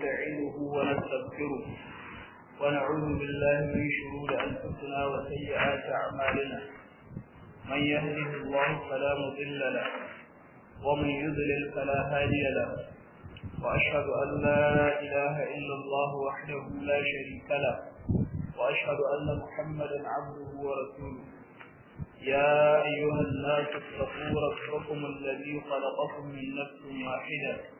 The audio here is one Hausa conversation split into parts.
نستعينه ونستغفره ونعوذ بالله من شرور أنفسنا وسيئات أعمالنا من يهده الله فلا مضل له ومن يضلل فلا هادي له وأشهد أن لا إله إلا الله وحده لا شريك له وأشهد أن محمدا عبده ورسوله يا أيها الناس اتقوا ربكم الذي خلقكم من نفس واحدة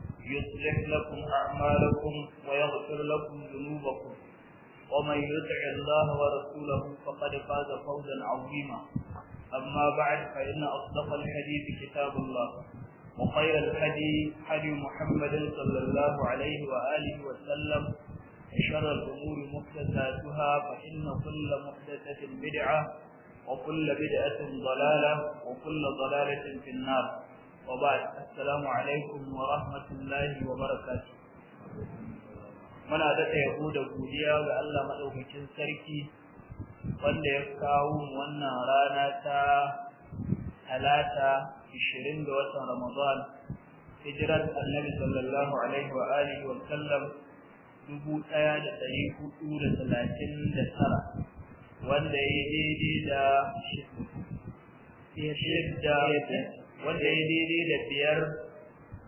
يصلح لكم أعمالكم ويغفر لكم ذنوبكم ومن يطع الله ورسوله فقد فاز فوزا عظيما أما بعد فإن أصدق الحديث كتاب الله وخير الحديث حديث محمد صلى الله عليه وآله وسلم وشر الأمور محدثاتها فإن كل محدثة بدعة وكل بدعة ضلالة وكل ضلالة في النار وبعد السلام عليكم ورحمة الله وبركاته muna daɗa yabo da godiya ga Allah maɗaukakin sarki wanda ya kawo wannan rana ta talata 20 ga watan Ramadan hijirar annabi sallallahu alaihi wa alihi wa sallam 1439 wanda ya daidai da shidda wanda ya daidai da biyar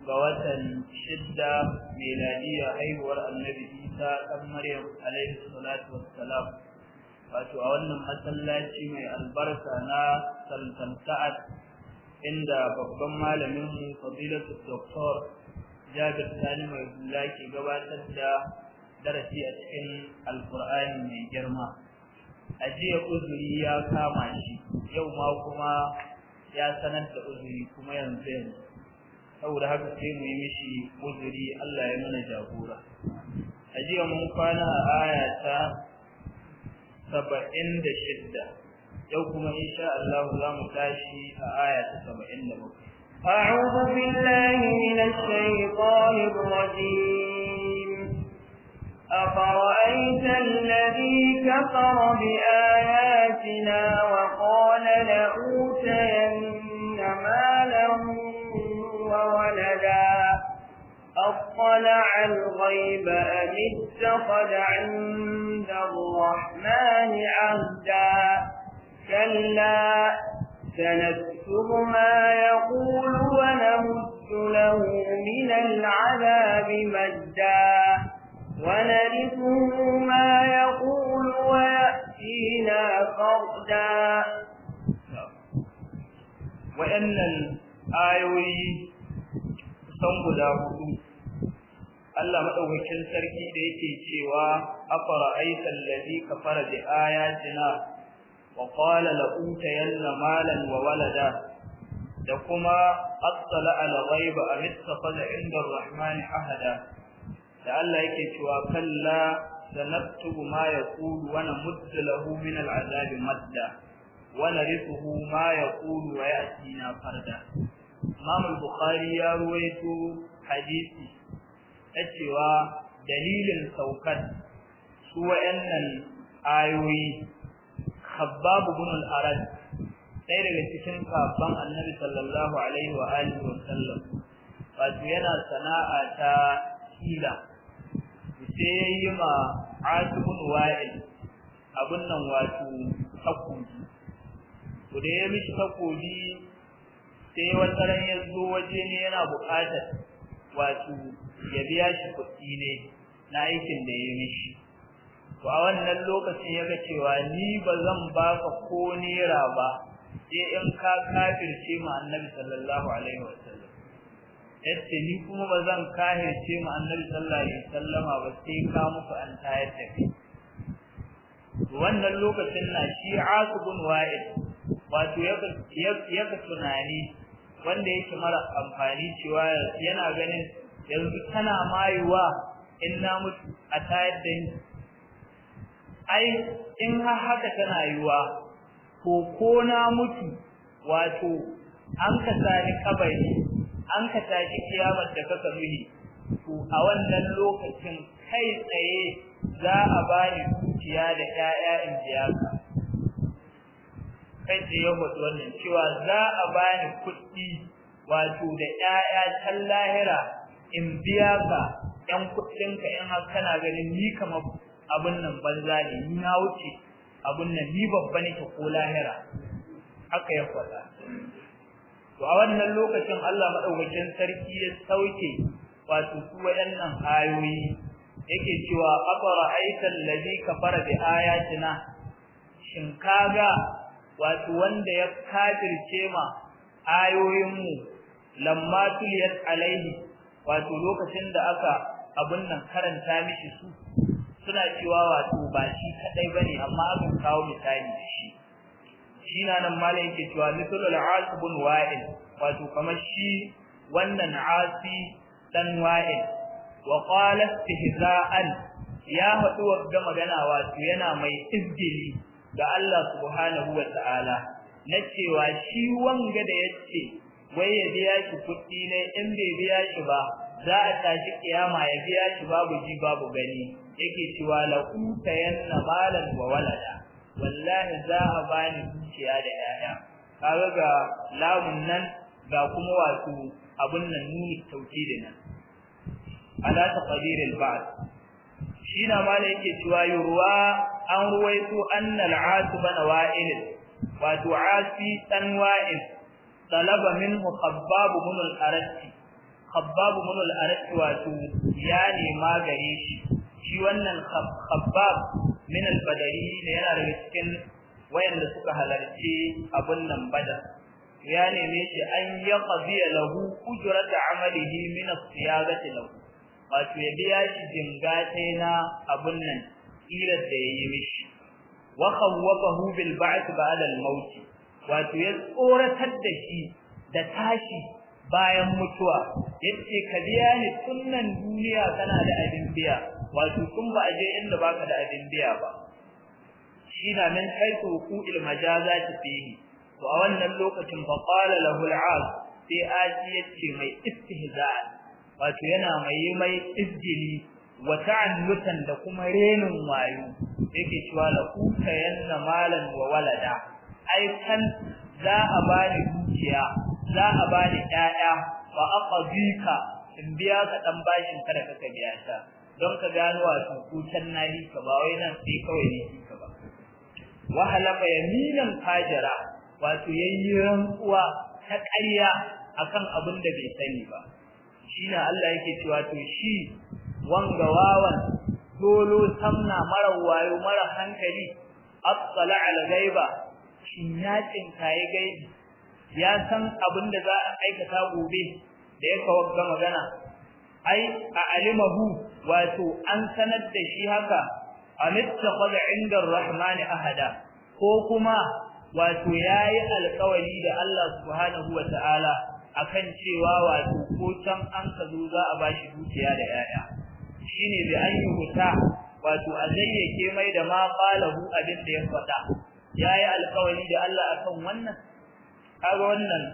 ga watan shidda meladiya haihuwar annabi isa ɗan maryam alaihi salatu wassalam wato a wannan masallaci mai albarka na sultan sa'ad inda babban malamin mu fadilatu doktor jabir sani mai hula ke gabatar da darasi a cikin alkur'ani mai girma a jiya uzuri ya kama shi yau ma kuma ya sanar da uzuri kuma yanzu yanzu saboda haka sai mu yi mishi uzuri Allah ya mana jagora a jiya mun kwana a aya ta saba'in da shidda yau kuma insha Allah za mu tashi a aya ta saba'in da bakwai أعوذ بالله من الشيطان الرجيم أفرأيت الذي كفر بآياتنا وقال لأوتين مالا وولدا أطلع الغيب أم اتخذ عند الرحمن عهدا كلا سنكتب ما يقول ونمد له من العذاب مدا ونرثه ما يقول ويأتينا فردا wa'annan ayoyi kusan guda hudu Allah madaukakin sarki da yake cewa afara aita allazi kafara bi ayatina wa qala la utayanna walada da kuma Asala, al ghaiba am ittakhadha inda ahada da Allah yake cewa kalla sanaktubu ma yaqulu wa namuddu lahu min al'adab madda wa narithuhu ma yaqulu wa ya'tina farda Imam al-Bukhari ya ruwaito hadisi cewa dalilin saukar su wa'annan ayoyi Khabbab ibn al-Arad daga cikin sahabban Annabi sallallahu alaihi wa alihi wa sallam wato yana sana'a ta hila sai ya yi ma asibin wa'il abin nan wato takobi to da ya mishi takobi sai wata ran ya zo waje ne yana buƙatar wato ya biya shi kuɗi ne na aikin da ya mishi to a wannan lokacin ya ga cewa ni ba zan baka ko naira ba sai in ka kafirce ma annabi sallallahu alaihi wasallam yace ni kuma ba zan ce mu annabi sallallahu alaihi wasallama ba sai ka muku an tayar da kai wannan lokacin na shi asbun wa'id wato ya ya tunani wanda yake mara amfani cewa yana ganin yanzu tana mayuwa in na mutu a tayar da ni ai in ha haka tana yiwa ko ko na mutu wato an ka sani kabari an ka tashi kiyamar da kaka nuni to a wannan lokacin kai tsaye za a bani dukiya da ƴaƴa in biya kai tsaye wato wannan cewa za a bani kuɗi wato da ƴaƴa can lahira in biya ka ɗan kuɗinka in har kana ganin ni kamar abin nan banza ne ni na wuce abin nan ni babba nake ko lahira haka ya faɗa to a wannan lokacin Allah madaukakin sarki ya sauke wato su wayannan ayoyi yake cewa aqra aital ladhi kafara bi ayatina shin kaga wato wanda ya kafirce ma ayoyinmu lamma tuliyat alaihi wato lokacin da aka abun nan karanta mishi su suna cewa wato ba shi kadai bane amma aka kawo misali da shi shina nan mala yake cewa mithlul asbun wa'il wato kamar shi wannan asi dan wa'il wa qala istihza'an ya hadu ga magana wato yana mai izgili da Allah subhanahu wa ta'ala na cewa shi wanga da yace wai ya biya shi kuɗi ne in bai biya shi ba za a tashi kiyama ya biya shi babu ji babu gani yake cewa la utayanna malan wa walada wallahi za a bani ciya da yaya kaga ga lamun nan ga kuma wato abun nan nuni da nan ala taqdir al ba'd shina mala yake cewa yurwa an ruwaito anna al asib wa'il wato asi dan wa'il talaba minhu khabbab min al arati khabbab bin al arati wato ya nema gare shi shi wannan khabbab min al-badari ne yana da cikin wayanda suka halarci abun nan badar ya neme shi an yaqdi lahu ujrat amalihi min as-siyagati lahu wato ya biya shi jinga na abun nan irar da yayi mishi wa khawwafahu bil ba'th ba'da al-maut wato ya tsoratar da shi da tashi bayan mutuwa yace ka biya ni sunnan duniya tana da abin biya wato kun ba aje inda baka da abin biya ba shina nan haitu huqul ki fi to a wannan lokacin fa qala lahu al'az sai aji yace mai istihza wato yana mai mai izgili wa ta'annutan da kuma renin wayo yake cewa la ta yanna malan wa walada ai kan za a bani dukiya za a bani ƴaƴa wa aqdika in biya ka dan bashin kada ka biya ta don ka gano wato kutan nahi ka ba wai nan sai kawai ne ka ba wa halaka yaminan fajara wato yayi kuwa ta ƙarya akan abin da bai sani ba shine Allah yake cewa to shi wanga wawan dolo samna mara wayo mara hankali atsala ala gaiba shin ya tsinkaye gaibi ya san abin da za a aikata gobe da ya kawo magana ai a alimahu wato an sanar da shi haka amittakhadha inda ar-rahman ahada ko kuma wato yayi alƙawari da Allah subhanahu wa ta'ala akan cewa wato ko can an kazo za a bashi dukiya da yaya shine bi an yi huta wato azayyake mai da ma qalahu abin da ya faɗa yayi alƙawari da Allah akan wannan kaga wannan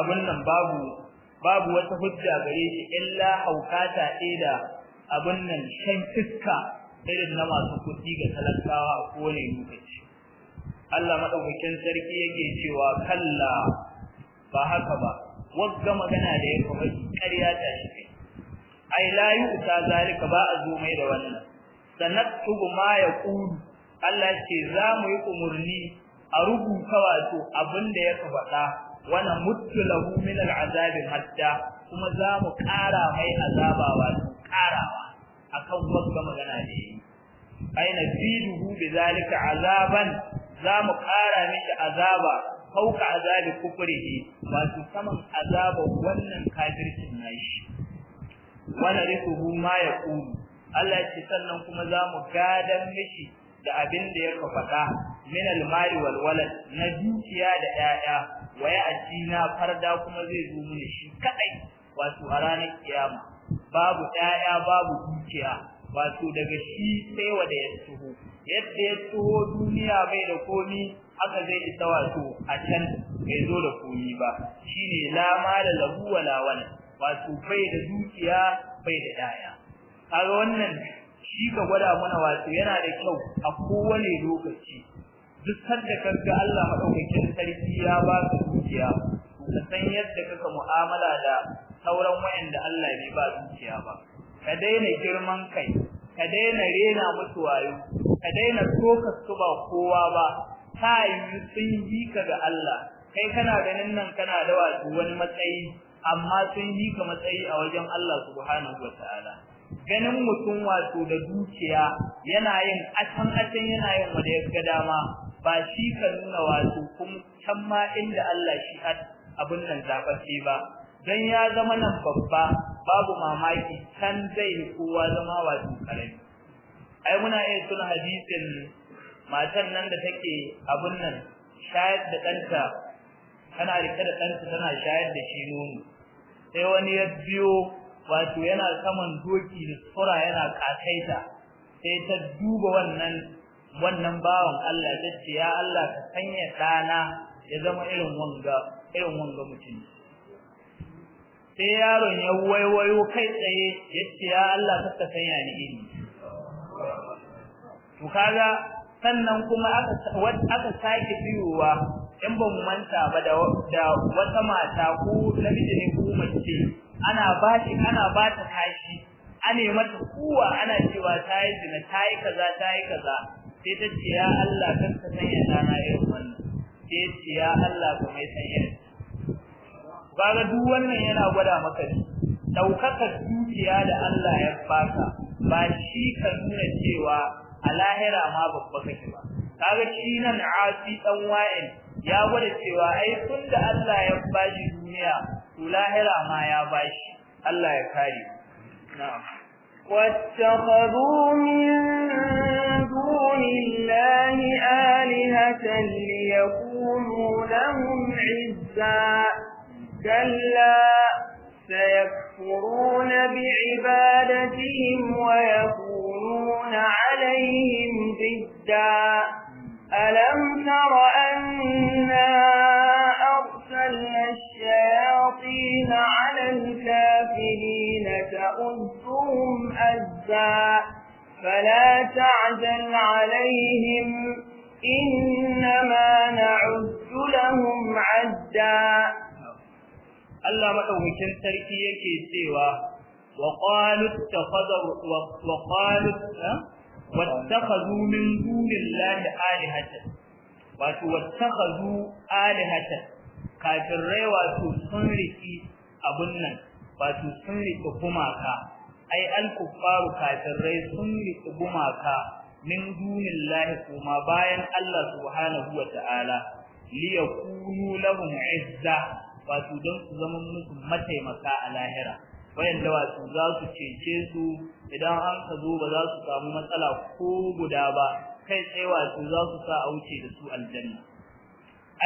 abun nan babu babu wata hujja gare shi illa hawkata ida abin nan shan iska irin na masu kuɗi ga talakawa ko kowane lokaci Allah madaukakin sarki yake cewa kalla ba haka ba wagga magana da ya kuma ƙarya ta shi ai la yu'ta zalika ba a zo mai da wannan sanattubu ma ƙuru Allah ce za mu yi umarni a rubuta wato abin da ya faɗa wannan mutulahu min al'azabi hatta kuma za mu ƙara mai azaba wato ƙarawa akan wanda magana ne aina bi zalika azaban za mu kara miki azaba Kauka azabi kufrihi su saman azaba wannan kafircin nashi wala rikuhu ma yaqulu Allah ya ce sannan kuma za mu gadan mishi da abin da ya faɗa min al mari wal walad na dukiya da 'ya'ya waya ajina farda kuma zai zo mu shi kadai wato a ranar kiyama babu ɗaya babu dukiya wato daga shi sai wanda ya tuho yadda ya tuho duniya bai da komi haka zai isa wato a can bai zo da komi ba shine la mala lahu wala wala wato bai da dukiya bai da ɗaya kaga wannan shi ka gwada mana wato yana da kyau a kowane lokaci duk sanda kaga Allah madaukakin sarki ya ba ka dukiya ka san yadda kaka mu'amala da sauran wa'anda Allah bai ba zuciya ba ka daina girman kai ka daina rena musu wayo ka daina soka su ba kowa ba kai sun yi ka ga Allah kai kana ganin nan kana da wato wani matsayi amma sun yi ka matsayi a wajen Allah subhanahu wataala ganin mutum wato da zuciya yana yin atan atan yana yin wanda ya ga dama ba shi ka nuna wato kuma can ma inda Allah shi abin nan zaɓaɓɓe ba dan ya zama nan babba babu mamaki kan zai kowa zama wajin kare. ai muna iya tuna hadisin matan nan da take abun nan shayar da ɗanta tana rike da ɗanta tana shayar da shi nono sai wani ya biyo wato yana saman doki da tsura yana ta, sai ta duba wannan wannan bawan Allah ya ce ya Allah ka sanya ɗana ya zama irin wanga irin wanga mutum sai yaron ya waiwayo kai tsaye yace ya Allah saka sanya ni ini to kaga sannan kuma aka aka sake biyuwa in ba mu manta ba da wata mata ko namiji ne ko mace ana ba shi ana ba ta kashi ane mata kuwa ana cewa ta tayi zina yi kaza ta yi kaza sai ta ce ya Allah kan sanya dana irin wannan sai ce ya Allah ka mai sanya kaga duk wannan yana gwada maka ne daukakar dukiya da Allah ya baka ba shi ka nuna cewa a lahira ma babba kake ba kaga shi nan asi dan wa'in ya gwada cewa ai da Allah ya bashi duniya to lahira ma ya bashi Allah ya kare na'am واتخذوا من دون الله آلهة ليكونوا لهم عزاً كلا سيكفرون بعبادتهم ويكونون عليهم ضدا ألم تر أنا أرسلنا الشياطين على الكافرين تأذهم أزا فلا تعزل عليهم إنما نعد لهم عدا Allah madaukakin sarki yake cewa wa qalu takhadhu wa qalu wattakhadhu min dunillahi alihatan wato wattakhadhu alihatan kafirai wato sun riki abun nan wato sun riki gumaka ai al-kuffaru kafirai sun riki gumaka min dunillahi kuma bayan Allah subhanahu wa ta'ala liyakunu lahum izza wato don su zama musu mataimaka a lahira wayanda wato za su cece su idan an ka zo ba za su samu matsala ko guda ba kai tsaye wato za su sa a wuce da su aljanna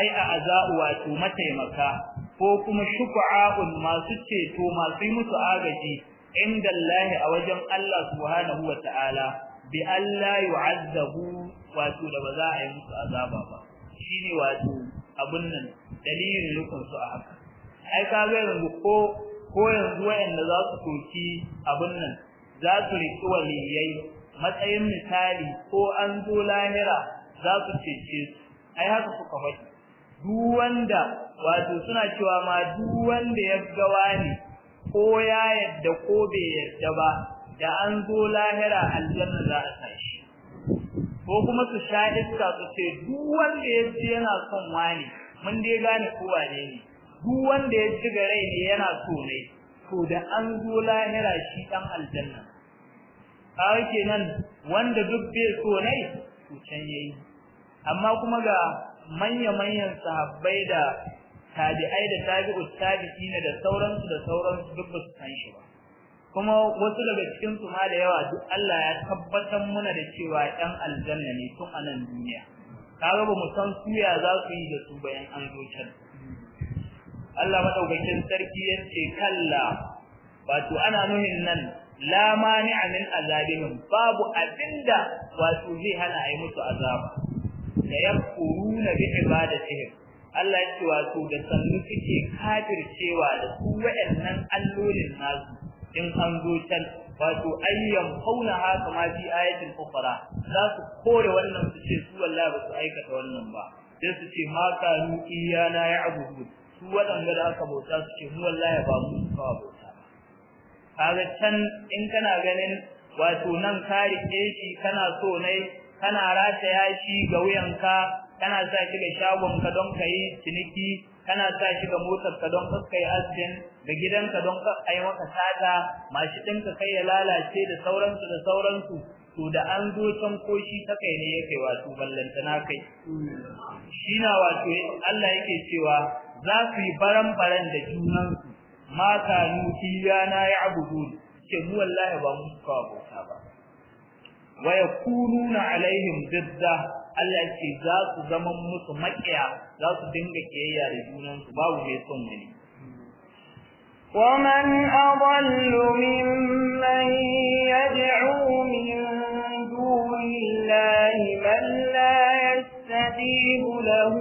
ai a aza'u wato mataimaka ko kuma shufa'a'un masu ceto masu yi musu agaji inda Allah a wajen Allah subhanahu wa ta'ala bi Allah yu'azzabu wato da ba za a yi musu azaba ba shine wato abun nan dalilin rukun su a haka ai ka ga yanzu ko ko yanzu wayanda za su koki abun nan za su riki waliyai matsayin misali ko an zo lahira za su cece su ai haka suka faɗi duk wanda wato suna cewa ma duk wanda ya ga wani ko ya yadda ko bai yadda ba da an zo lahira aljanna za a tashi ko kuma su sha iska su ce duk wanda ya ji yana son wani mun dai gane ko wane ne duk wanda ya ji rai ne yana so ne to da an zo lahira shi dan aljanna kawai kenan wanda duk bai so ne to can yayi amma kuma ga manya-manyan sahabbai da tabi'ai da tabi'ut tabi'ina da sauransu da sauransu duk ba su san shi ba kuma wasu daga cikin su ma da yawa duk Allah ya tabbatar muna da cewa ɗan aljanna ne tun a nan duniya kaga ba mu san suya za su yi da su bayan an zo can Allah madaukakin sarki ya ce kalla wato ana nuhin nan la mani'a min azabihim babu abinda wato zai hana ai musu azaba da ya yakuruna bi ibadatihim Allah ya ce wato da sannu suke kafircewa da su wa'annan allolin nasu in an zo can wato ayyan fauna ha kama fi ayatin kufara za su kore wannan su ce su wallahi ba su aikata wannan ba sai su ce ma kanu iyana ya abudu su wadanda da aka bauta su ce mu wallahi ba mu su ba bauta kaga can in kana ganin wato nan ka rike kana so ne kana rata yashi ga wuyanka kana sa kike shagon ka don ka ciniki kana sa shi ga motarka don kai asibin da gidanka don ai maka sada mashi ɗinka kai ya lalace da sauransu da sauransu to da an zo can ko shi ta kai ne yake wato ballantana kai shi na wato Allah yake cewa za su yi baran-baran da junansu mata nufiya na ya abudu ce mu wallahi ba mu kawo ba wa yakununa alaihim didda Allah ya ce za su zama musu maƙiya za su dinga kiyayya da junansu babu mai son wani ومن أضل ممن يدعو من دون الله من لا يستجيب له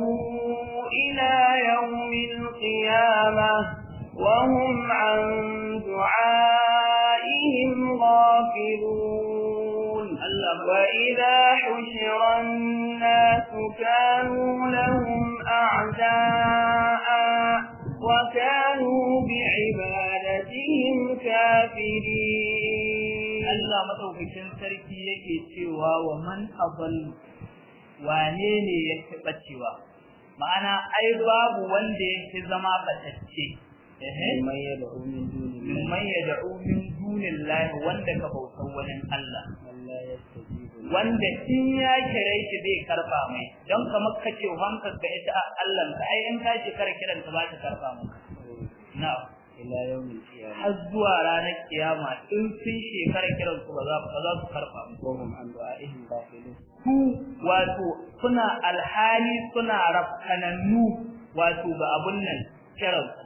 إلى يوم القيامة وهم عن دعائهم غافلون وإذا حشر الناس كانوا لهم أعداء وكانوا بعبادتهم كافرين الله مطوفكين سركي يكي سوى ومن أضل وانيني يكتبتشوا ma'ana ai babu wanda yake zama batacce mimman yad'u min dunillahi wanda ka bautan wani Allah wanda in ya kire shi zai karba mai don kamar kace wanka ga ita Allah ta ai in ka shi kar kiran ta ba ta karba mu na ila yawmin qiyamah har zuwa ranar kiyama in sun kar kiran ku ba za ba za su karba mu ko mun an ihin gafilin ku wato kuna alhali kuna rafkanannu wato ga abun nan kiran ku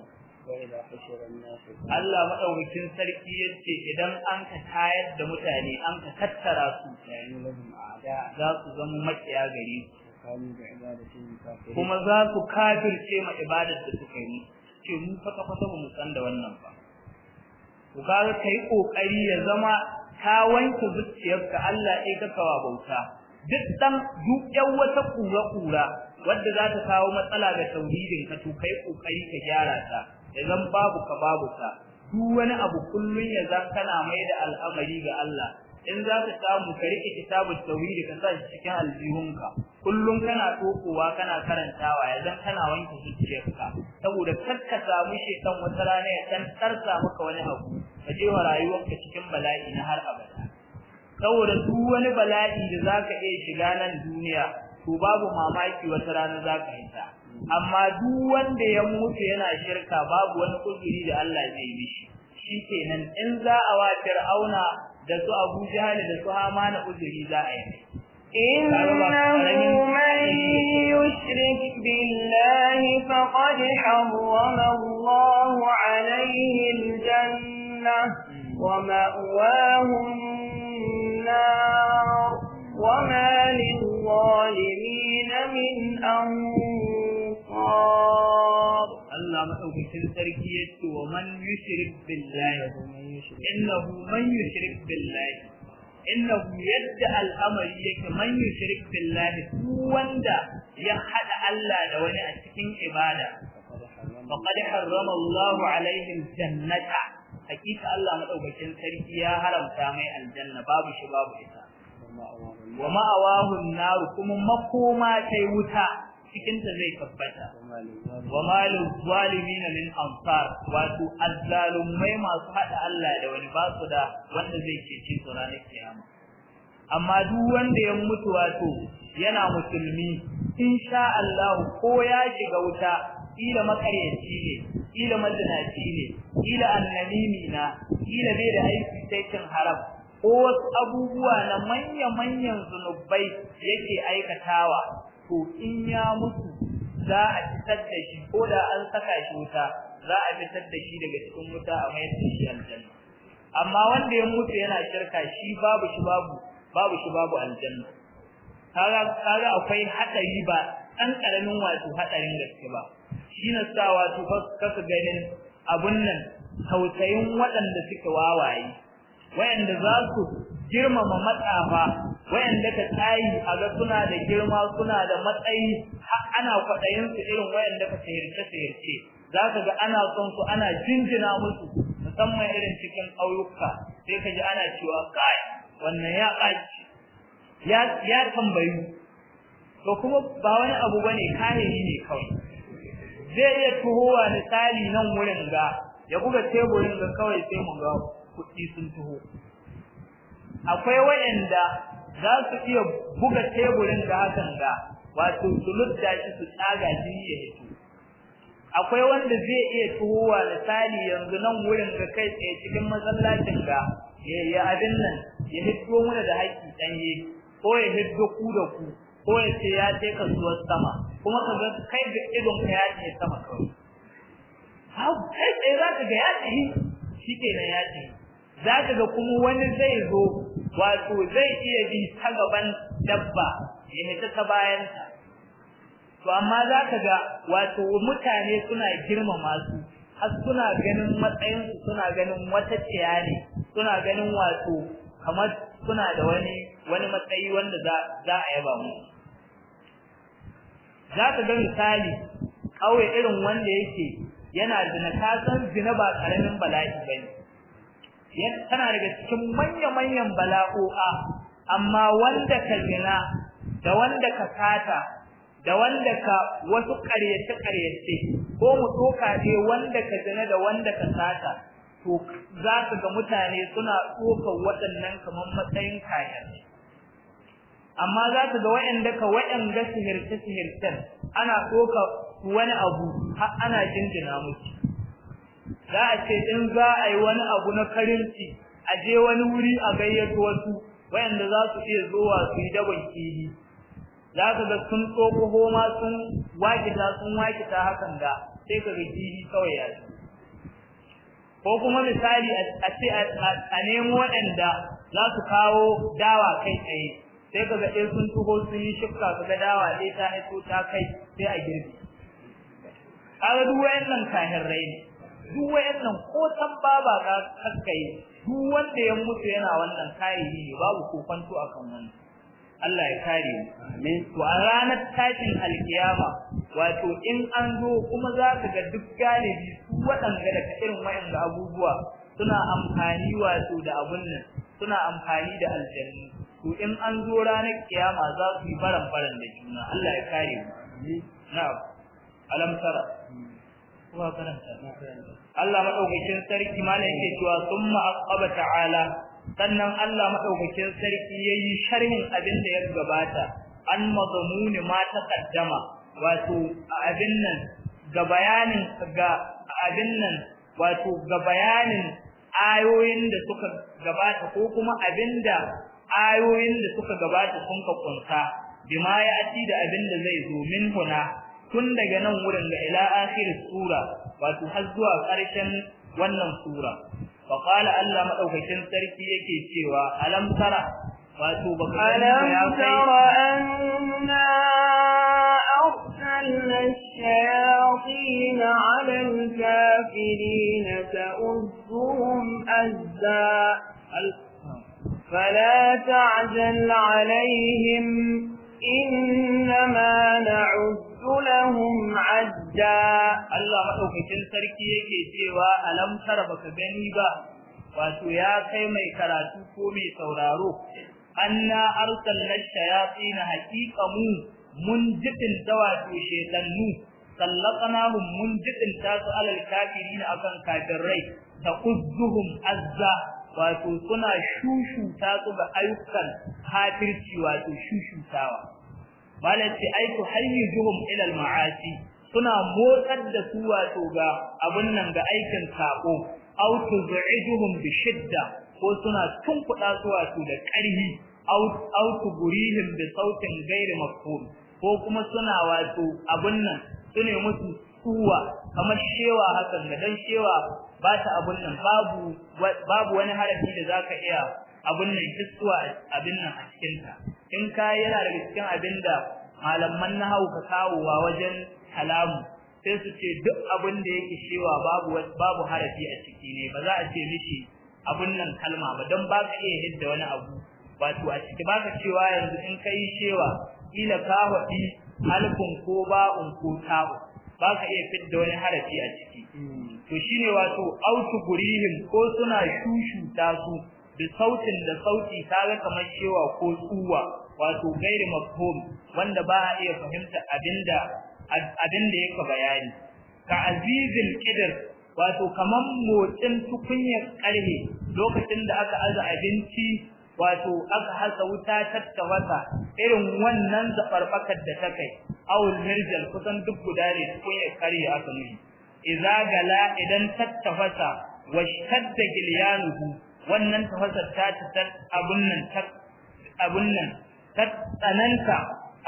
Allah madaukakin sarki yace idan an ka tayar da mutane an ka tattara su za su zama makiya gari kuma za su kafirce ma ibadar da suka yi ce mu fata fata mu san da wannan ba ku kaga kai kokari ya zama ka wanke zuciyarka Allah eh ka kawa bauta duk dan duk yan wata kura kura wadda za ta kawo matsala ga tauhidin ka to kai kokari ka gyara ta idan babu ka babu ta duk wani abu kullun ya za kana mai da al'amari ga Allah in za ka samu ka rike kitabun tawhid ka sa cikin aljihunka kullun kana tokowa kana karantawa yanzu kana wanke zuciyarka saboda kar ka samu kan wata rana ya san samu maka wani abu ka je wa rayuwarka cikin bala'i na har abada saboda duk wani bala'i da zaka iya shiga nan duniya to babu mamaki wata rana zaka yi ta amma duk wanda ya mutu yana shirka babu wani kuzuri da Allah zai yi shi kenan in za a wa fir'auna da su Abu Jahl da su Hamana uzuri za a yi إنه من يشرك بالله فقد حرم الله عليه الجنة ومأواه النار وما للظالمين من أنصار الأبصار الله ما أوكي تركية ومن يشرك بالله إنه من يشرك بالله إنه يدعى الأمر يك من يشرك بالله وندا يحد الله لو أتكين عبادة فقد حرم الله عليهم جنة حقيقة الله ما أوكي تركية هرم سامي الجنة باب شباب إسلام wa ma'awahun naru kuma makoma tai wuta cikinta zai tabbata wa malu zalimin min ansar wato azzalumai masu hada Allah da wani ba su da wanda zai ci su ranar kiyama amma duk wanda ya mutu wato yana musulmi insha Allah ko ya shiga wuta ila makaryaci ne ila mazinaci ne ila annamimi na ila bai da aiki sai kin haram ko wasu abubuwa na manya-manyan zunubai yake aikatawa to in ya mutu za a fitar da shi ko da an saka shi wuta za a fitar da shi daga cikin wuta a mayar da shi aljanna amma wanda ya mutu yana shirka shi babu shi babu babu shi babu aljanna kaga kaga akwai hadari ba dan karamin wato hadarin gaske ba shine sa wato kasa ganin abun nan tausayin waɗanda suka wawaye wayanda za su girmama matsafa wayanda ka tsayi a ga suna da girma suna da matsayi ana kwaɗayinsu su irin wayanda ka sayarce sayarce za ka ga ana son su ana jinjina musu musamman irin cikin ƙauyuka sai ka ji ana cewa kai wannan ya kai ya ya tambayi to kuma ba wani abu bane kahiri ne kawai zai iya tuhowa misali nan wurin ga ya buga teburin ga kawai sai mun ga kuɗi sun tuho akwai wayanda za su iya buga teburin da hakan ga wato su lutta shi su tsaga shi ya hito akwai wanda zai iya tuhuwa sali yanzu nan wurin ga kai tsaye cikin masallacin ga ya abin nan ya hito muna da haƙƙi yi ko ya hito ku da ku ko ya ce ya ce kasuwar sama kuma ka ga kai da idon ka ya ce sama kawai hau kai tsaye za ka ga ya ce shi ke na ya ce za ka ga kuma wani zai zo wato zai iya bi ta gaban dabba ya ta ta bayan ta to amma zaka ga wato mutane suna girmama su har suna ganin matsayin su suna ganin wata ciya ne suna ganin wato kamar suna da wani wani matsayi wanda za za a yaba mu zaka ga misali kauye irin wanda yake yana zina ka san zina ba karamin bala'i bane tana daga cikin manya-manyan bala'o'a amma wanda ka gina da wanda ka sata da wanda ka wasu ƙaryace-ƙaryace ko mu toka ne wanda ka gina da wanda ka sata to za ka ga mutane suna tsokan waɗannan kamar matsayin kayan amma za ka ga waɗanda ka waɗanda sihirce-sihircen ana ɗoka wani abu har ana jinjina musu za a ce in za a yi wani abu na karinci a je wani wuri a gayyato wasu wayanda za su iya zuwa su yi daban kiri za ka ga sun tsoko ma sun wakita sun wakita hakan da sai ka ga kiri kawai ya zo ko kuma misali a ce a nemo waɗanda za su kawo dawa kai tsaye sai ka ga ɗaya sun tuho sun yi shifka su ga dawa ɗaya ta haito ta kai sai a girbi kaga duk wayannan kahirrai ne duk wayannan ko san baba ga kaskai duk wanda ya mutu yana wannan tarihi ne babu kofanto akan wannan Allah ya kare mu amin to a ranar tashin alkiyama wato in an zo kuma za ka ga duk galibi su wadanda daga irin wayanda abubuwa suna amfani wato da abun nan suna amfani da aljanna to in an zo ranar kiyama za su yi baran baran da juna Allah ya kare mu na'am alam tara hmm. Allah madaukakin sarki ma yake cewa summa aqaba ta'ala sannan Allah madaukakin sarki yayi sharhin abin da ya gabata an mazmuni ma kaddama wato abin nan ga bayanin ga abin nan wato ga bayanin ayoyin da suka gabata ko kuma abinda ayoyin da suka gabata sun ka kunta bima ya ati da abin da zai zo min huna tun daga nan wurin da ila akhir sura wato har zuwa ƙarshen wannan sura fa qala Allah madaukakin sarki yake cewa alam tara wato ba kana ya tara anna arsalna فلا تعجل عليهم إنما نعد لهم عدا الله مدوكتين sarki yake cewa alam tara baka gani ba wato ya kai mai karatu ko mai sauraro anna arsalna shayatin haqiqa mu mun jitin dawato shedannu sallaqnahum mun jitin alal kafirin akan kafirai da uzzuhum azza wato kuna shushuta su ga ayyukan hafirci wato shushutawa malati aiku hayyijuhum ila al-ma'asi suna motsar da su wato ga abun nan ga aikin sako aw tuz'iduhum bi shidda ko suna tunkuda su wato da ƙarfi aw aw tugurihim bi sautin ghairi mafhum ko kuma suna wato abun nan sune musu kuwa kamar shewa hakan da dan shewa ba ta abun nan babu babu wani harafi da zaka iya abun nan kisuwa abin nan a cikin ta in ka yana daga cikin abinda malaman na ka kawowa wajen kalamu sai su ce duk abin da yake shewa babu babu harafi a ciki ne ba za a ce mishi abun nan kalma ba dan ba ka iya hidda wani abu wato a ciki ba ka cewa yanzu in kai shewa kila kawo bi alfun ko ba'un ko ta'u ba ka iya da wani harafi a ciki to shine wato autu gurihim ko suna shushuta su da sautin da sauti kaga kamar cewa ko tsuwa wato gairi mafhum wanda ba a iya fahimta abinda abinda yake bayani ka azizil qidr wato kamar motsin tukunyar karhe lokacin da aka aza abinci wato aka hasa wuta tatta wata irin wannan zafarbakar da ta kai awul mirjal kusan duk guda ne ko ya kare aka nuni idza gala idan tattafasa washtadda gilyanuhu wannan tafasar ta ta abun nan ta abun nan tatsananta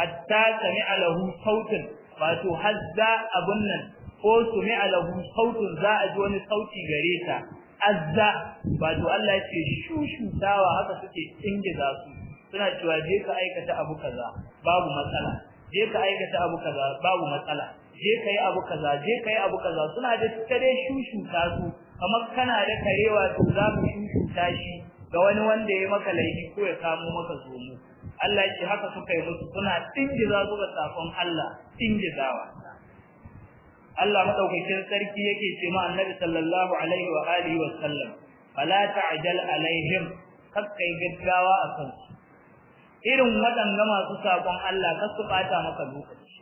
hatta sami'a lahu sautin wato hazza abun nan ko sami'a lahu sautin za a ji wani sauti gare ta azza wato Allah yake ce shushutawa haka suke ingiza su suna cewa je ka aikata abu kaza babu matsala je ka aikata abu kaza babu matsala je kai abu kaza je kai abu kaza suna da tare shushuta su kamar kana da karewa to za mu shushuta shi ga wani wanda ya maka laifi ko ya samu maka zomo Allah yake ce haka suka yi musu suna tingiza su ga safon Allah tingizawa Allah madaukakin sarki yake ce ma annabi sallallahu alaihi wa alihi wa sallam fala ta'jal alaihim kakkai gaggawa a su irin wadanda masu sakon Allah ka su bata maka lokaci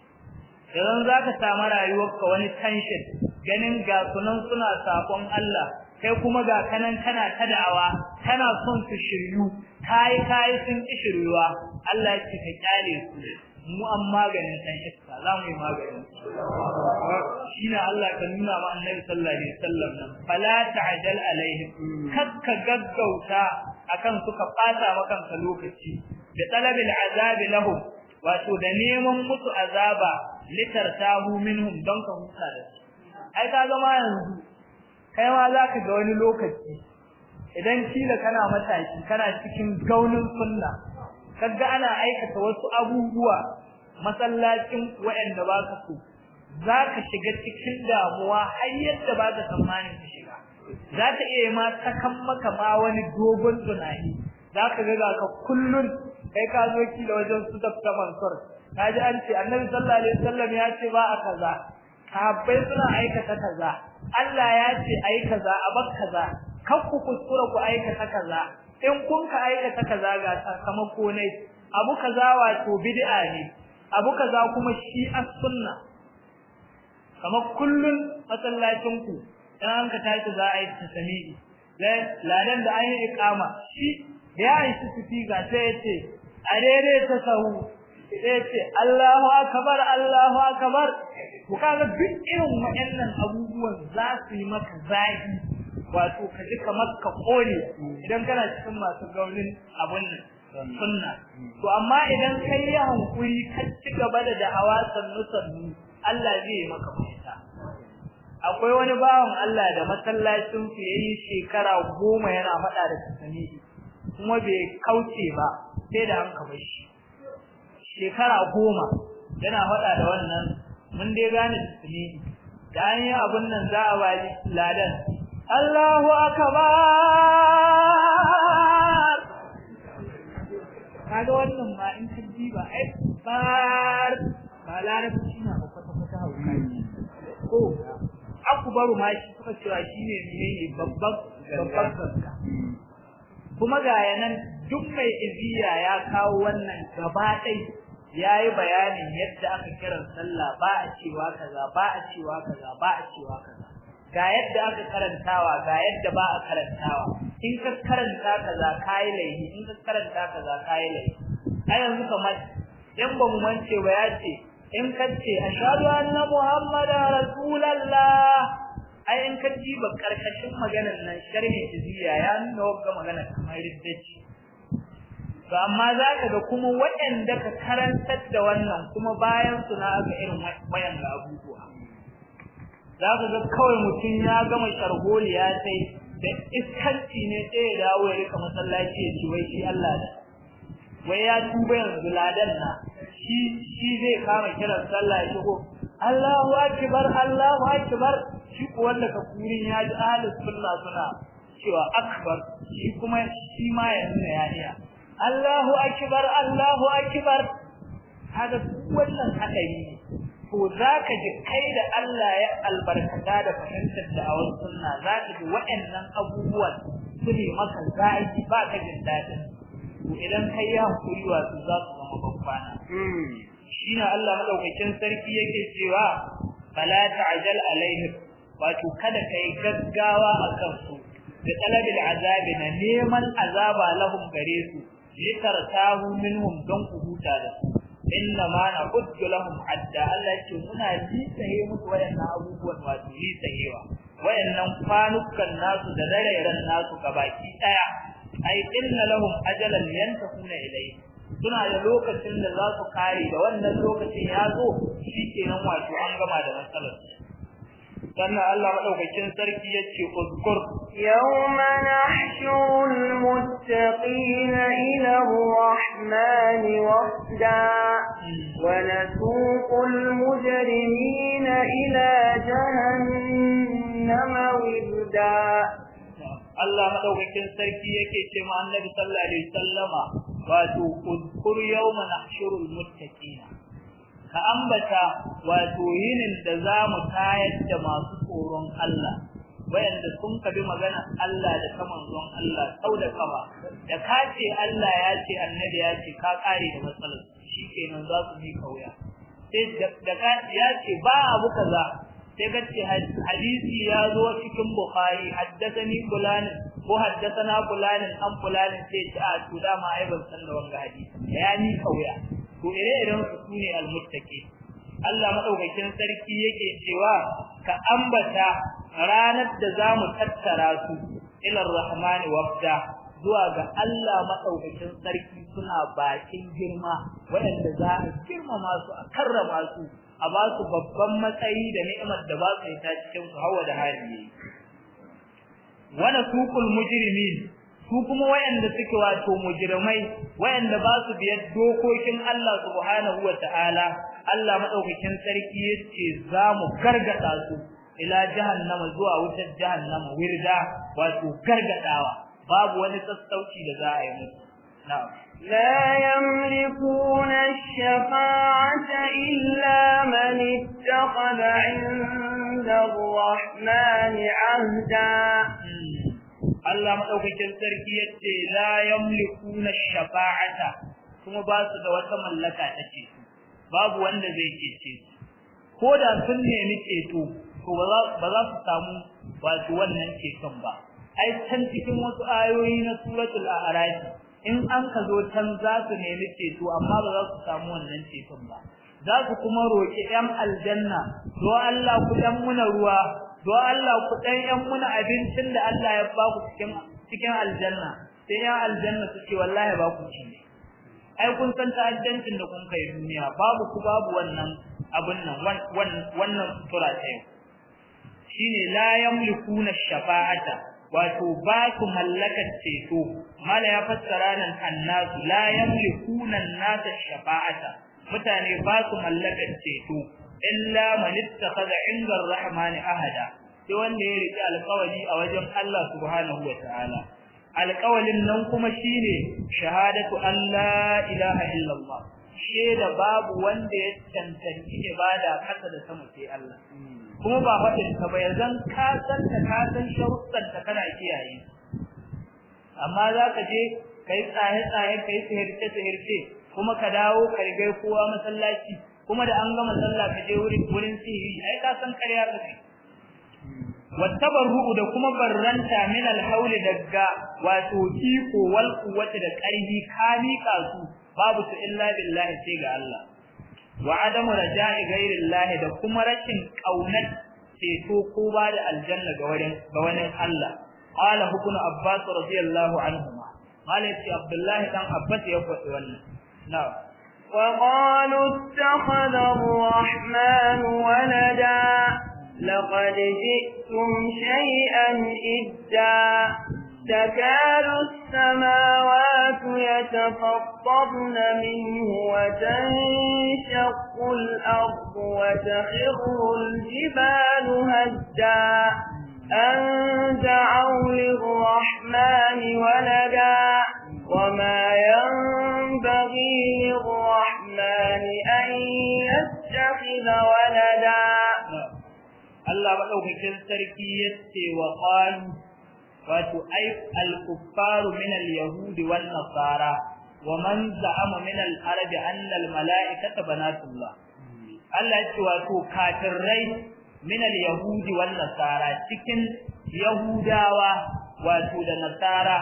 idan zaka samu rayuwar ka wani tension ganin ga sunan suna sakon Allah kai kuma ga kanan kana da'awa, kana son su shiryu kai kai sun ki shiryuwa Allah ya ce ka kyale su mu an maganin ɗan iska za mu yi maganin shi na Allah ka nuna ma annabi sallallahu alaihi wasallam nan fala ta'jal alaihi kakka gaggauta akan suka fata maka ka lokaci da talabil azabi lahum wato da neman musu azaba litartahu minhum don ka huta da su ai ka zama yanzu kai ma za ka ga wani lokaci idan kila kana matashi kana cikin gaunin sunna kaga ana aikata wasu abubuwa masallacin waɗanda ba ka so zaka shiga cikin damuwa har yadda ba ka tsammanin ka shiga za iya ma sakan maka ma wani dogon tunani zaka ga ka kullun kai ka zo da wajen su tafta mansur kaji ji an ce annabi sallallahu alaihi wasallam ya ce ba a kaza sahabbai suna aikata kaza Allah ya ce ayi kaza a bar kaza kan ku kuskura ku aikata kaza in kun ka aikata kaza ga sakamako ne abu kaza wato bid'a ne abu kaza kuma shi as-sunna kamar kullun masallacin ku dan an ka tace za a yi tasmi'i ladan da an yi iqama shi ya yi sufi ga sai yace a rere ta sahu sai yace Allahu akbar Allahu akbar ku kaga duk irin waɗannan abubuwan za su yi maka zafi wato ka ji kamar ka kone idan kana cikin masu gaurin abun nan sunna to amma idan kai ya hankuri ka ci gaba da da'awa sannu sannu Allah zai maka fita akwai wani bawan Allah da masallacin su yayi shekara goma yana faɗa da kasani kuma bai kauce ba sai da an kaba shi shekara goma yana faɗa da wannan mun dai gane kasani da an yi abun nan za a wali ladan Allahu akbar kaga wannan ma in ka diba akbar ba larabci na ba kwata kwata hauka ne ko akbaru ma shi suka cewa shine ne babban babban kanka kuma ga yanan duk mai iziya ya kawo wannan gaba dai yayi bayanin yadda aka kira sallah ba a cewa kaza ba a cewa kaza ba a cewa kaza ga yadda aka karantawa ga yadda ba a karantawa in ka karanta kaza kai laifi in ka karanta kaza kai laifi ai yanzu kamar yan ba mu mance ba ya ce in ka ce ashhadu anna muhammadar rasulullah ai in ka ji ba karkashin maganar nan sharhi tiziya ya nuna wagga maganar kamar riddaci to amma zaka ga kuma waɗanda ka karantar da wannan kuma bayan su na ga irin wayan abubuwa za ku ga kawai mutum ya gama sharholi sai da iskanci ne sai ya dawo ya rika masallaci ya ci wai shi Allah da wai ya tuba yanzu ladan na shi shi zai kama kiran sallah ya shigo Allahu akbar Allahu akbar shi ko wanda ka kurin ya ji ahlus sunna suna cewa akbar shi kuma shi ma yanzu ya iya Allahu akbar Allahu akbar duk wannan hadari to zaka ji kai da Allah ya albarkata da fahimtar da a wasu sunna zaka ji waɗannan abubuwan su ne maka zaki ba ka jin daɗi to idan kai ya hakuri su za su zama babbana hmm. shi na Allah madaukakin sarki yake cewa fala ta'jal alaihim wato kada kai gaggawa a su da talabil azabi na neman azaba lahum gare su litartahu minhum don ku huta da su inna ma na hujju lahum adda Allah ce muna lisaye musu wayannan abubuwan wato lisayewa wayannan kwanukan nasu da rairan nasu gabaki daya ai inna lahum ajalan yantakuna ilayhi suna da lokacin da za su kare da wannan lokacin ya zo shikenan wato an gama da matsalar sannan Allah madaukakin sarki yace uzkur yawma nahshurul muttaqina ila ar-rahman wafda wa nasuqul mujrimina ila jahannama wirda Allah madaukakin sarki yake ce ma Annabi sallallahu alaihi wasallama wato uzkur yawma nahshurul muttaqina ka ambata wato yinin da zamu kayar da masu tsoron Allah wayanda sun kabi magana Allah da kaman manzon Allah sau da kama da ka ce Allah ya ce annabi ya ce ka kare da matsalar shikenan za su bi kauya sai da ya ce ba abu kaza sai ka ce hadisi ya zo cikin Bukhari haddathani fulan ko haddathana fulan an fulan sai ta a to dama ai ban san da wannan hadisi bayani kauya to ire-iren su sune almuttaqi Allah madaukakin sarki yake cewa ka ambata ranar da za mu tattara su ila rahmani wafda zuwa ga Allah madaukakin sarki suna bakin girma waɗanda za a girmama su a karrama su a ba su babban matsayi da ni'imar da ba su ta cikin su hawa da hali wani nasuqul mujrimin su kuma wayanda suke wato mujrimai wayanda ba su biyar dokokin Allah subhanahu wataala Allah madaukakin sarki yace za mu gargada su ila jahannama zuwa wutar jahannama wirda wato gargadawa babu wani sassauci da za a yi musu na'am لا يملكون الشفاعة إلا من اتخذ عند الرحمن عهدا Allah madaukakin sarki yace la yamlikuna shafa'ata kuma ba su da wata mallaka ta babu wanda zai cece su ko da sun nemi ceto to ba za su samu ba su wannan ceton ba ai can cikin wasu ayoyi na suratul a'raf in an ka zo can za su nemi ceto amma ba za su samu wannan ceton ba za su kuma roki 'yan aljanna do Allah ku dan muna ruwa don Allah ku dan yan muna abincin da Allah ya ba ku cikin cikin aljanna sai ya aljanna su ce wallahi ba ku ci ai kun san ta'addancin da kun kai duniya babu ku babu wannan abun nan wannan sura ce shine la yamlikuna shafa'ata wato ba ku mallakar ceto mala ya fassara nan annasu la yamlikuna nasa shafa'ata mutane ba su mallakar ceto illa man ittakhadha 'inda ar-rahman ahada sai wanda ya riki alqawli a wajen Allah subhanahu Ta'ala. alqawlin nan kuma shine shahadatu an la ilaha illallah sheda babu wanda ya tantance ibada kasa da sama sai Allah kuma ba fadin ta ba yanzan ka san ta ka san ta kana kiyaye amma zaka je kai tsaye tsaye kai tsaye tsaye kuma ka dawo ka rigai kowa masallaci kuma da an gama sallah ka je wurin wurin sihiri ai ka san ƙarya kake wattabarhu da kuma barranta min alhawl daga wato iko wal quwwati da ƙarfi ka mika su babu su illa billahi sai ga Allah wa adamu raja'i ghairillahi da kuma rashin kaunar ceto ko ba da aljanna ga wurin ga wani Allah qala hukun abbas radiyallahu anhu ma malai abdullahi dan abbas ya faɗi wannan na'am وقالوا اتخذ الرحمن ولدا لقد جئتم شيئا إدا تكاد السماوات يتفطرن منه وتنشق الأرض وتخر الجبال هدا أن دعوا للرحمن ولدا وما ينبغي للرحمن أن يتخذ ولدا الله مدوكين سركي يتي وقال wato ai al-kuffaru min al-yahudi wal nasara wa man za'ama min al-arabi anna al-mala'ikata banatullah Allah yake wato kafirai min al-yahudi wal nasara cikin yahudawa wato da nasara